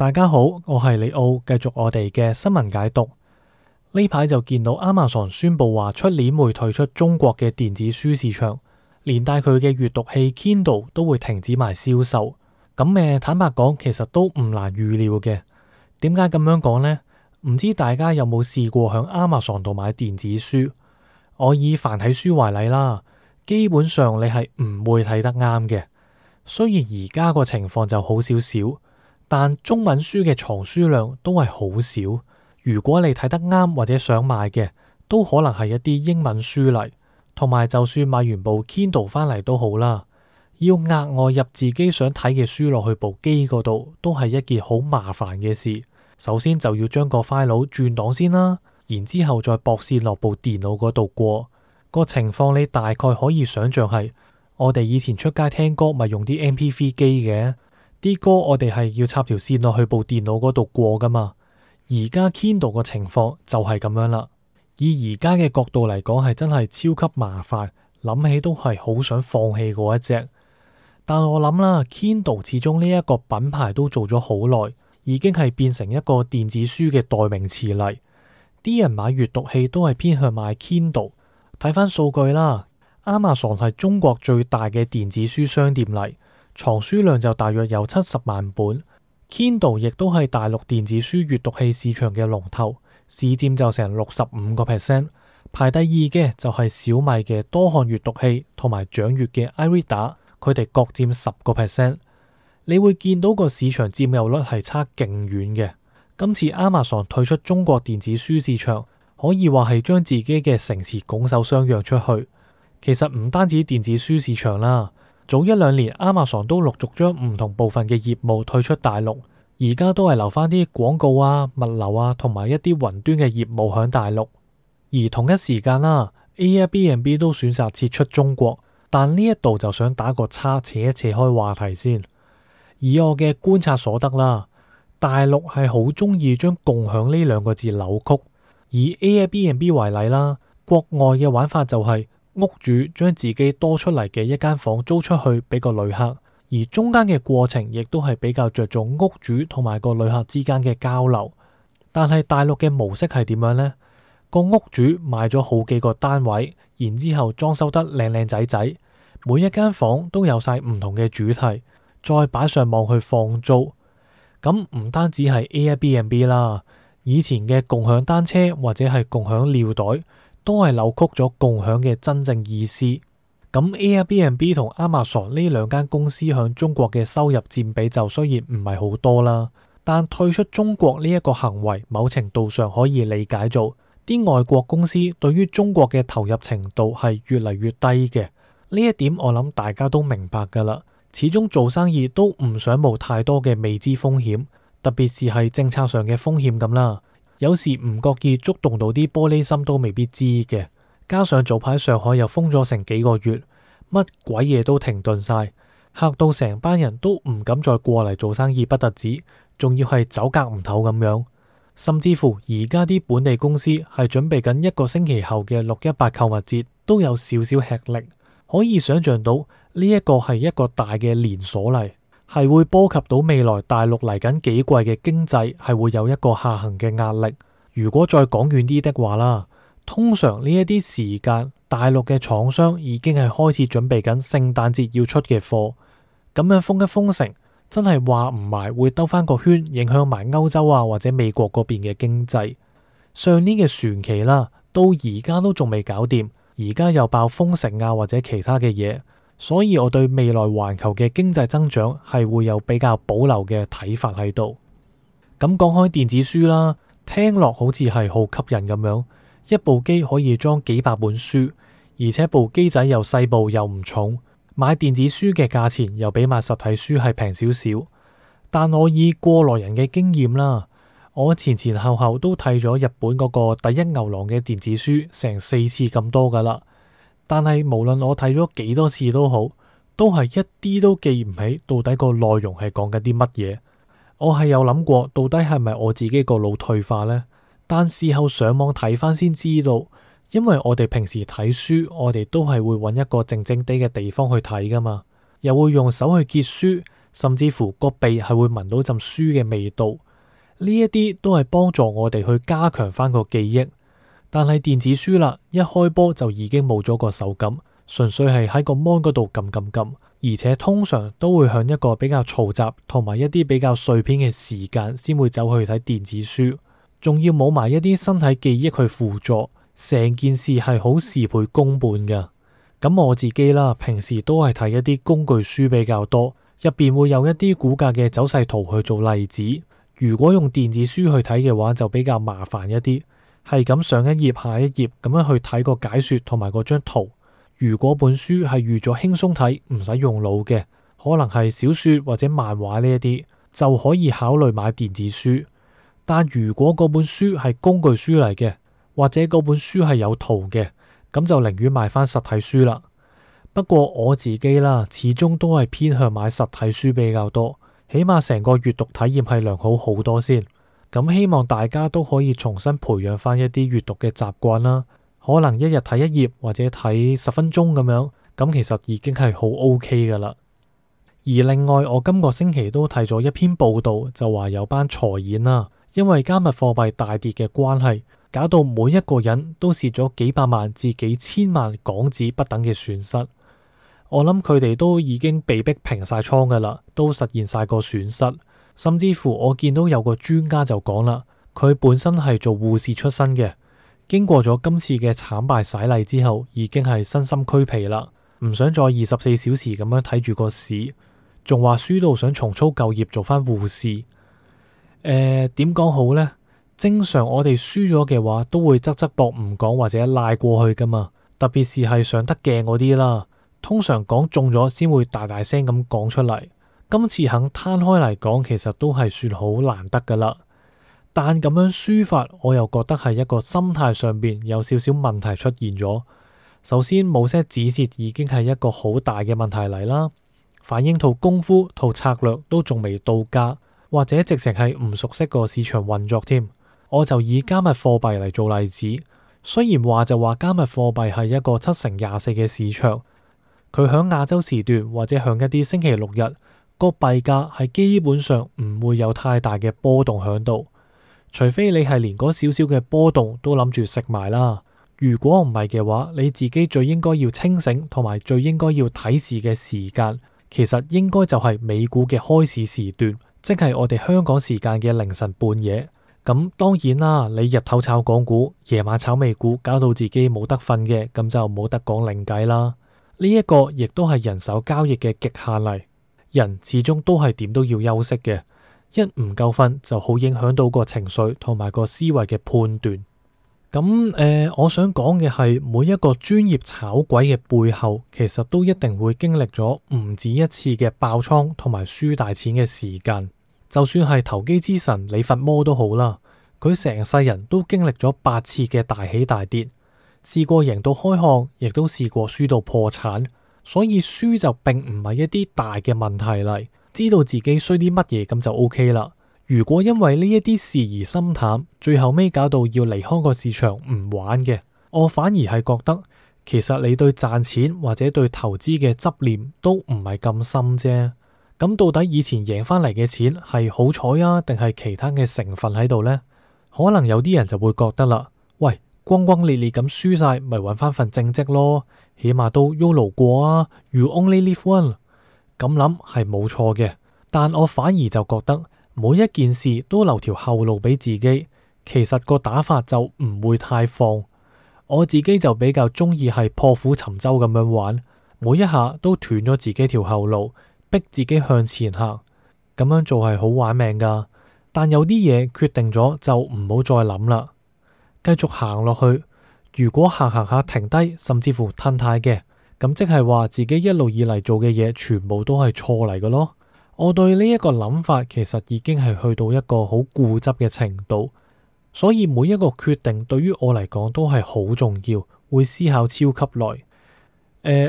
大家好，我係李奧，繼續我哋嘅新聞解讀。呢排就見到 Amazon 宣布話出年會退出中國嘅電子書市場，連帶佢嘅閱讀器 Kindle 都會停止埋銷售。咁誒，坦白講，其實都唔難預料嘅。點解咁樣講呢？唔知大家有冇試過響 Amazon 度買電子書？我以繁體書為例啦，基本上你係唔會睇得啱嘅。雖然而家個情況就好少少。但中文書嘅藏書量都係好少，如果你睇得啱或者想買嘅，都可能係一啲英文書嚟。同埋，就算買完部 Kindle 翻嚟都好啦，要額外入自己想睇嘅書落去部機嗰度，都係一件好麻煩嘅事。首先就要將個 file 轉檔先啦，然之後再駁線落部電腦嗰度過。這個情況你大概可以想象係我哋以前出街聽歌咪用啲 MP3 機嘅。啲歌我哋係要插條線落去部電腦嗰度過噶嘛，而家 Kindle 嘅情況就係咁樣啦。以而家嘅角度嚟講，係真係超級麻煩，諗起都係好想放棄嗰一隻。但我諗啦，Kindle 始終呢一個品牌都做咗好耐，已經係變成一個電子書嘅代名詞嚟。啲人買閱讀器都係偏向買 Kindle，睇翻數據啦。Amazon 係中國最大嘅電子書商店嚟。藏書量就大約有七十萬本，Kindle 亦都係大陸電子書閱讀器市場嘅龍頭，市占就成六十五個 percent。排第二嘅就係小米嘅多看閱讀器同埋掌閱嘅 iReader，佢哋各占十個 percent。你會見到個市場占有率係差勁遠嘅。今次 Amazon 退出中國電子書市場，可以話係將自己嘅城池拱手相讓出去。其實唔單止電子書市場啦。早一兩年，Amazon 都陸續將唔同部分嘅業務退出大陸，而家都係留返啲廣告啊、物流啊同埋一啲雲端嘅業務喺大陸。而同一時間啦，Airbnb 都選擇撤出中國，但呢一度就想打個叉，扯一扯開話題先。以我嘅觀察所得啦，大陸係好鍾意將共享呢兩個字扭曲，以 Airbnb 為例啦，國外嘅玩法就係、是。屋主將自己多出嚟嘅一間房租出去俾個旅客，而中間嘅過程亦都係比較着重屋主同埋個旅客之間嘅交流。但係大陸嘅模式係點樣呢？個屋主買咗好幾個單位，然之後裝修得靚靚仔仔，每一間房都有晒唔同嘅主題，再擺上網去放租。咁唔單止係 Airbnb 啦，以前嘅共享單車或者係共享尿袋。都係扭曲咗共享嘅真正意思。咁 Airbnb 同 Amazon 呢兩間公司響中國嘅收入佔比就雖然唔係好多啦。但退出中國呢一個行為，某程度上可以理解做啲外國公司對於中國嘅投入程度係越嚟越低嘅。呢一點我諗大家都明白噶啦。始終做生意都唔想冇太多嘅未知風險，特別是係政策上嘅風險咁啦。有時唔覺意觸動到啲玻璃心都未必知嘅，加上早排上海又封咗成幾個月，乜鬼嘢都停頓晒，嚇到成班人都唔敢再過嚟做生意，不得止，仲要係走隔唔透咁樣，甚至乎而家啲本地公司係準備緊一個星期後嘅六一八購物節，都有少少吃力，可以想像到呢一個係一個大嘅連鎖嚟。係會波及到未來大陸嚟緊幾季嘅經濟，係會有一個下行嘅壓力。如果再講遠啲的話啦，通常呢一啲時間，大陸嘅廠商已經係開始準備緊聖誕節要出嘅貨。咁樣封一封城，真係話唔埋會兜翻個圈，影響埋歐洲啊或者美國嗰邊嘅經濟。上年嘅船期啦，到而家都仲未搞掂，而家又爆封城啊或者其他嘅嘢。所以我對未來環球嘅經濟增長係會有比較保留嘅睇法喺度。咁、嗯、講開電子書啦，聽落好似係好吸引咁樣，一部機可以裝幾百本書，而且部機仔又細部又唔重，買電子書嘅價錢又比買實體書係平少少。但我以過來人嘅經驗啦，我前前後後都睇咗日本嗰個第一牛郎嘅電子書成四次咁多㗎喇。但係無論我睇咗幾多次都好，都係一啲都記唔起到底個內容係講緊啲乜嘢。我係有諗過到底係咪我自己個腦退化呢？但事後上網睇翻先知道，因為我哋平時睇書，我哋都係會搵一個靜靜哋嘅地方去睇噶嘛，又會用手去揭書，甚至乎個鼻係會聞到陣書嘅味道，呢一啲都係幫助我哋去加強翻個記憶。但係電子書啦，一開波就已經冇咗個手感，純粹係喺個 mon 嗰度撳撳撳，而且通常都會向一個比較嘈雜同埋一啲比較碎片嘅時間先會走去睇電子書，仲要冇埋一啲身體記憶去輔助，成件事係好事倍功半噶。咁我自己啦，平時都係睇一啲工具書比較多，入邊會有一啲股價嘅走勢圖去做例子，如果用電子書去睇嘅話，就比較麻煩一啲。係咁上一頁下一頁咁樣去睇個解說同埋嗰張圖。如果本書係預咗輕鬆睇唔使用腦嘅，可能係小說或者漫畫呢一啲就可以考慮買電子書。但如果嗰本書係工具書嚟嘅，或者嗰本書係有圖嘅，咁就寧願買翻實體書啦。不過我自己啦，始終都係偏向買實體書比較多，起碼成個閱讀體驗係良好好多先。咁希望大家都可以重新培養翻一啲閱讀嘅習慣啦，可能一日睇一頁或者睇十分鐘咁樣，咁其實已經係好 OK 噶啦而另外，我今個星期都睇咗一篇報道，就話有班財演啦，因為加密貨幣大跌嘅關係，搞到每一個人都蝕咗幾百萬至幾千萬港紙不等嘅損失。我諗佢哋都已經被逼平晒倉噶啦，都實現晒個損失。甚至乎，我見到有個專家就講啦，佢本身係做護士出身嘅，經過咗今次嘅慘敗洗禮之後，已經係身心俱疲啦，唔想再二十四小時咁樣睇住個市，仲話輸到想重操舊業做翻護士。誒，點講好呢？正常我哋輸咗嘅話，都會側側膊唔講或者賴過去噶嘛，特別是係上得鏡嗰啲啦，通常講中咗先會大大聲咁講出嚟。今次肯攤開嚟講，其實都係算好難得噶啦。但咁樣抒發，我又覺得係一個心態上邊有少少問題出現咗。首先冇設止蝕已經係一個好大嘅問題嚟啦，反映套功夫套策略都仲未到家，或者直情係唔熟悉個市場運作添。我就以加密貨幣嚟做例子，雖然話就話加密貨幣係一個七成廿四嘅市場，佢響亞洲時段或者響一啲星期六日。個幣價係基本上唔會有太大嘅波動喺度，除非你係連嗰少少嘅波動都諗住食埋啦。如果唔係嘅話，你自己最應該要清醒，同埋最應該要睇市嘅時間，其實應該就係美股嘅開市時段，即係我哋香港時間嘅凌晨半夜。咁當然啦，你日頭炒港股，夜晚炒美股，搞到自己冇得瞓嘅，咁就冇得講另計啦。呢、這、一個亦都係人手交易嘅極限嚟。人始終都係點都要休息嘅，一唔夠瞓就好影響到個情緒同埋個思維嘅判斷。咁、嗯、誒、呃，我想講嘅係，每一個專業炒鬼嘅背後，其實都一定會經歷咗唔止一次嘅爆倉同埋輸大錢嘅時間。就算係投機之神李佛摩都好啦，佢成世人都經歷咗八次嘅大起大跌，試過贏到開巷，亦都試過輸到破產。所以輸就並唔係一啲大嘅問題嚟，知道自己衰啲乜嘢咁就 O K 啦。如果因為呢一啲事而心淡，最後尾搞到要離開個市場唔玩嘅，我反而係覺得其實你對賺錢或者對投資嘅執念都唔係咁深啫。咁到底以前贏翻嚟嘅錢係好彩啊，定係其他嘅成分喺度呢？可能有啲人就會覺得啦。光光烈烈咁輸晒，咪搵翻份正職咯，起碼都 YOLO 過啊。You only live one，咁諗係冇錯嘅，但我反而就覺得每一件事都留條後路俾自己，其實個打法就唔會太放。我自己就比較中意係破釜沉舟咁樣玩，每一下都斷咗自己條後路，逼自己向前行，咁樣做係好玩命噶。但有啲嘢決定咗就唔好再諗啦。繼續行落去，如果行行下停低，甚至乎吞太嘅，咁即係話自己一路以嚟做嘅嘢，全部都係錯嚟嘅咯。我對呢一個諗法，其實已經係去到一個好固執嘅程度，所以每一個決定對於我嚟講都係好重要，會思考超級耐。誒，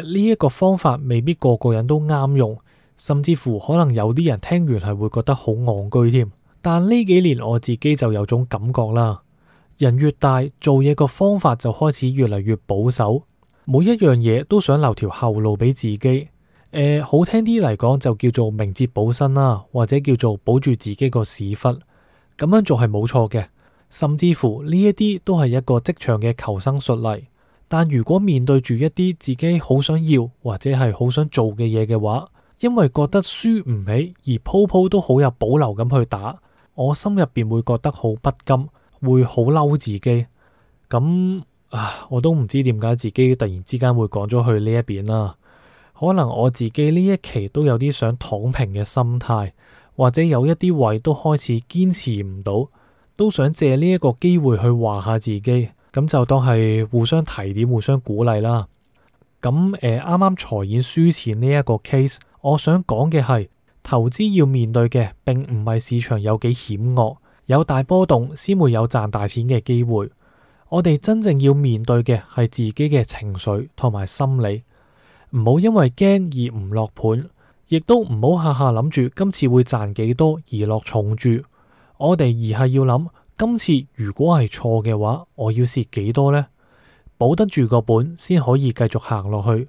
呢一個方法未必個個人都啱用，甚至乎可能有啲人聽完係會覺得好戇居添。但呢幾年我自己就有種感覺啦。人越大，做嘢個方法就開始越嚟越保守，每一樣嘢都想留條後路俾自己。誒、呃，好聽啲嚟講就叫做明哲保身啦、啊，或者叫做保住自己個屎忽。咁樣做係冇錯嘅，甚至乎呢一啲都係一個職場嘅求生術例。但如果面對住一啲自己好想要或者係好想做嘅嘢嘅話，因為覺得輸唔起而鋪鋪都好有保留咁去打，我心入邊會覺得好不甘。會好嬲自己，咁啊，我都唔知點解自己突然之間會講咗去呢一邊啦。可能我自己呢一期都有啲想躺平嘅心態，或者有一啲位都開始堅持唔到，都想借呢一個機會去話下自己，咁就當係互相提點、互相鼓勵啦。咁誒，啱啱財演輸錢呢一個 case，我想講嘅係，投資要面對嘅並唔係市場有幾險惡。有大波動先會有賺大錢嘅機會，我哋真正要面對嘅係自己嘅情緒同埋心理，唔好因為驚而唔落盤，亦都唔好下下諗住今次會賺幾多而落重注。我哋而係要諗今次如果係錯嘅話，我要蝕幾多呢？保得住個本先可以繼續行落去，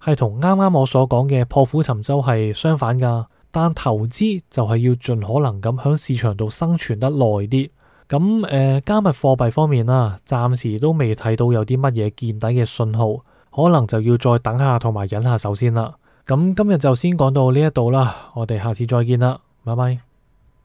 係同啱啱我所講嘅破釜沉舟係相反噶。但投資就係要盡可能咁喺市場度生存得耐啲。咁誒、呃、加密貨幣方面啊，暫時都未睇到有啲乜嘢見底嘅信號，可能就要再等下同埋忍下手先啦。咁今日就先講到呢一度啦，我哋下次再見啦，拜拜。